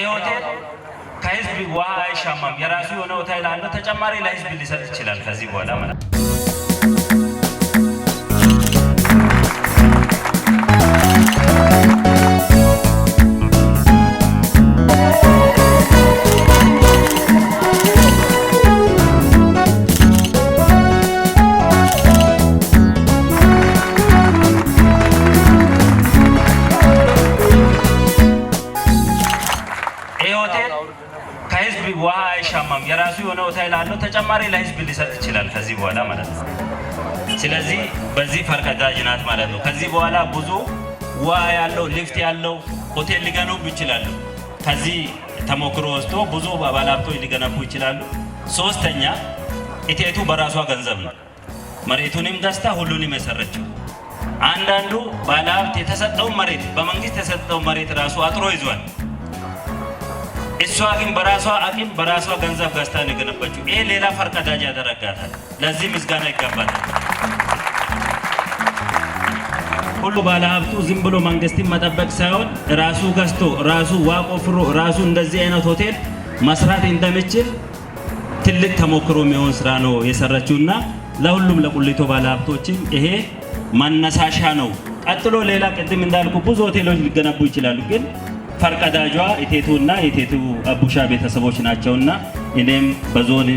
ይህ ሆቴል ከህዝብ ውሃ አይሻማም። የራሱ የሆነ ሆቴል አለው። ተጨማሪ ለህዝብ ሊሰጥ ይችላል ከዚህ በኋላ ማለት ነው። የራሱ የሆነ ሆቴል አለው። ተጨማሪ ለህዝብ ሊሰጥ ይችላል ከዚህ በኋላ ማለት ነው። ስለዚህ በዚህ ፈርቀዳጅ ናት ማለት ነው። ከዚህ በኋላ ብዙ ውሃ ያለው ሊፍት ያለው ሆቴል ሊገነቡ ይችላሉ። ከዚህ ተሞክሮ ወስዶ ብዙ ባለሀብቶ ሊገነቡ ይችላሉ። ሶስተኛ ኢቴቱ በራሷ ገንዘብ ነው። መሬቱንም ገዝታ ሁሉንም የሰረችው። አንዳንዱ ባለሀብት የተሰጠውን መሬት በመንግስት የተሰጠውን መሬት ራሱ አጥሮ ይዟል። እሷ ግን በራሷ አቅም በራሷ ገንዘብ ገዝታ ነው የገነባችው። ይሄ ሌላ ፈርቀዳጅ ያደረጋታል። ለዚህ ምስጋና ይገባታል። ሁሉ ባለሀብቱ ዝም ብሎ መንግስትን መጠበቅ ሳይሆን ራሱ ገዝቶ ራሱ ዋቆ ፍሮ ራሱ እንደዚህ አይነት ሆቴል መስራት እንደሚችል ትልቅ ተሞክሮ የሚሆን ስራ ነው የሰራችው እና ለሁሉም ለቁሊቶ ባለሀብቶችም ይሄ መነሳሻ ነው። ቀጥሎ ሌላ ቅድም እንዳልኩ ብዙ ሆቴሎች ሊገነቡ ይችላሉ ግን ፈርቀዳጇ ኢቴቱ እና የቴቱ አቡሻ ቤተሰቦች ናቸውና እኔም በዞን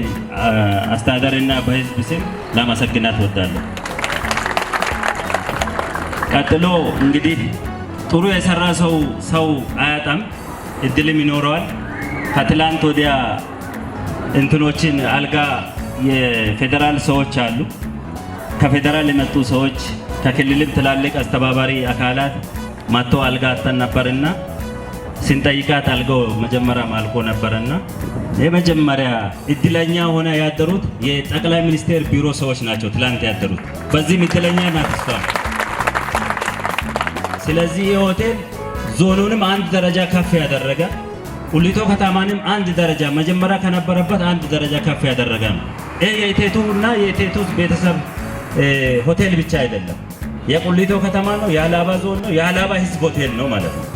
አስተዳደርና በህዝብ ስም ለማመስገናት ወዳለሁ። ቀጥሎ እንግዲህ ጥሩ የሰራ ሰው ሰው አያጣም፣ እድልም ይኖረዋል። ከትላንት ወዲያ እንትኖችን አልጋ የፌዴራል ሰዎች አሉ። ከፌዴራል የመጡ ሰዎች ከክልልም ትላልቅ አስተባባሪ አካላት መጥተው አልጋ አጥተን ነበርና ስንጠይቃት አልጋው መጀመሪያ አልቆ ነበረና የመጀመሪያ እድለኛ ሆነ ያደሩት የጠቅላይ ሚኒስቴር ቢሮ ሰዎች ናቸው ትላንት ያደሩት። በዚህም እድለኛ ናት እሷ። ስለዚህ ይህ ሆቴል ዞኑንም አንድ ደረጃ ከፍ ያደረገ ቁሊቶ ከተማንም አንድ ደረጃ መጀመሪያ ከነበረበት አንድ ደረጃ ከፍ ያደረገ ነው። ይህ የቴቱ እና የቴቱ ቤተሰብ ሆቴል ብቻ አይደለም፣ የቁሊቶ ከተማ ነው፣ የአላባ ዞን ነው፣ የአላባ ህዝብ ሆቴል ነው ማለት ነው።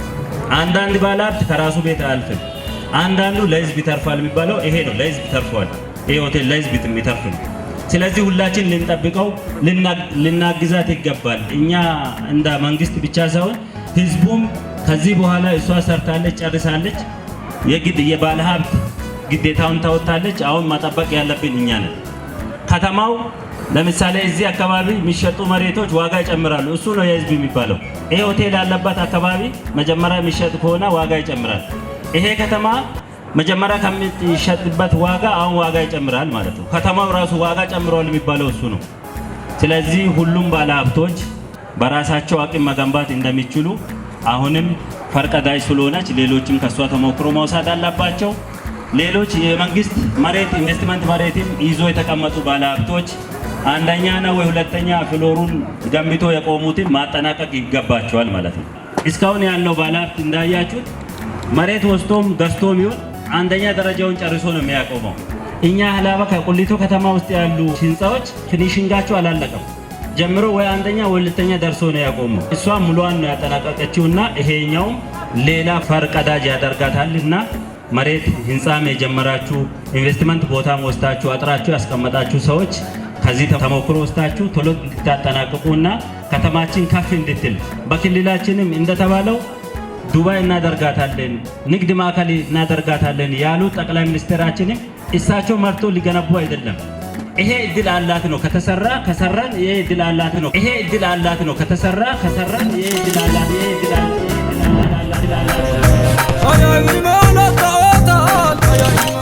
አንዳንድ ባለሀብት ከራሱ ቤት አያልፍም። አንዳንዱ ለህዝብ ይተርፋል የሚባለው ይሄ ነው። ለህዝብ ተርፏል። ይሄ ሆቴል ለህዝብ የሚተርፍ ነው። ስለዚህ ሁላችን ልንጠብቀው፣ ልናግዛት ይገባል። እኛ እንደ መንግስት ብቻ ሳይሆን ህዝቡም ከዚህ በኋላ እሷ ሰርታለች፣ ጨርሳለች፣ የግድ የባለሀብት ግዴታውን ታወጣለች። አሁን መጠበቅ ያለብን እኛ ነን። ከተማው ለምሳሌ እዚህ አካባቢ የሚሸጡ መሬቶች ዋጋ ይጨምራሉ። እሱ ነው የህዝብ የሚባለው። ይሄ ሆቴል ያለበት አካባቢ መጀመሪያ የሚሸጥ ከሆነ ዋጋ ይጨምራል። ይሄ ከተማ መጀመሪያ ከሚሸጥበት ዋጋ አሁን ዋጋ ይጨምራል ማለት ነው። ከተማው ራሱ ዋጋ ጨምሯል የሚባለው እሱ ነው። ስለዚህ ሁሉም ባለሀብቶች በራሳቸው አቅም መገንባት እንደሚችሉ አሁንም ፈርቀዳጅ ስለሆነች ሌሎችም ከእሷ ተሞክሮ መውሰድ አለባቸው። ሌሎች የመንግስት መሬት ኢንቨስትመንት መሬትም ይዞ የተቀመጡ ባለሀብቶች አንደኛ ነው ወይ ሁለተኛ ፍሎሩን ገንብቶ የቆሙትን ማጠናቀቅ ይገባቸዋል ማለት ነው። እስካሁን ያለው ባለሀብት እንዳያችሁት መሬት ወስቶም ገዝቶም ይሁን አንደኛ ደረጃውን ጨርሶ ነው የሚያቆመው። እኛ ህላባ ከቁሊቶ ከተማ ውስጥ ያሉ ህንፃዎች ፊኒሽንጋቸው አላለቀም ጀምሮ ወይ አንደኛ ወይ ሁለተኛ ደርሶ ነው ያቆመው። እሷ ሙሏን ነው ያጠናቀቀችውና ይሄኛውም ሌላ ፈርቀዳጅ ያደርጋታልና መሬት ህንፃም የጀመራችሁ ኢንቨስትመንት ቦታም ወስታችሁ አጥራችሁ ያስቀመጣችሁ ሰዎች ከዚህ ተሞክሮ ወስዳችሁ ቶሎ እንድታጠናቅቁ እና ከተማችን ከፍ እንድትል በክልላችንም እንደተባለው ዱባይ እናደርጋታለን፣ ንግድ ማዕከል እናደርጋታለን ያሉ ጠቅላይ ሚኒስትራችንም እሳቸው መርቶ ሊገነቡ አይደለም። ይሄ እድል አላት ነው ከተሰራ ከሰራን ይሄ እድል አላት ነው። ይሄ እድል አላት ነው ከተሰራ ከሰራን ይሄ እድል አላት ይሄ እድል አላት ይሄ እድል አላት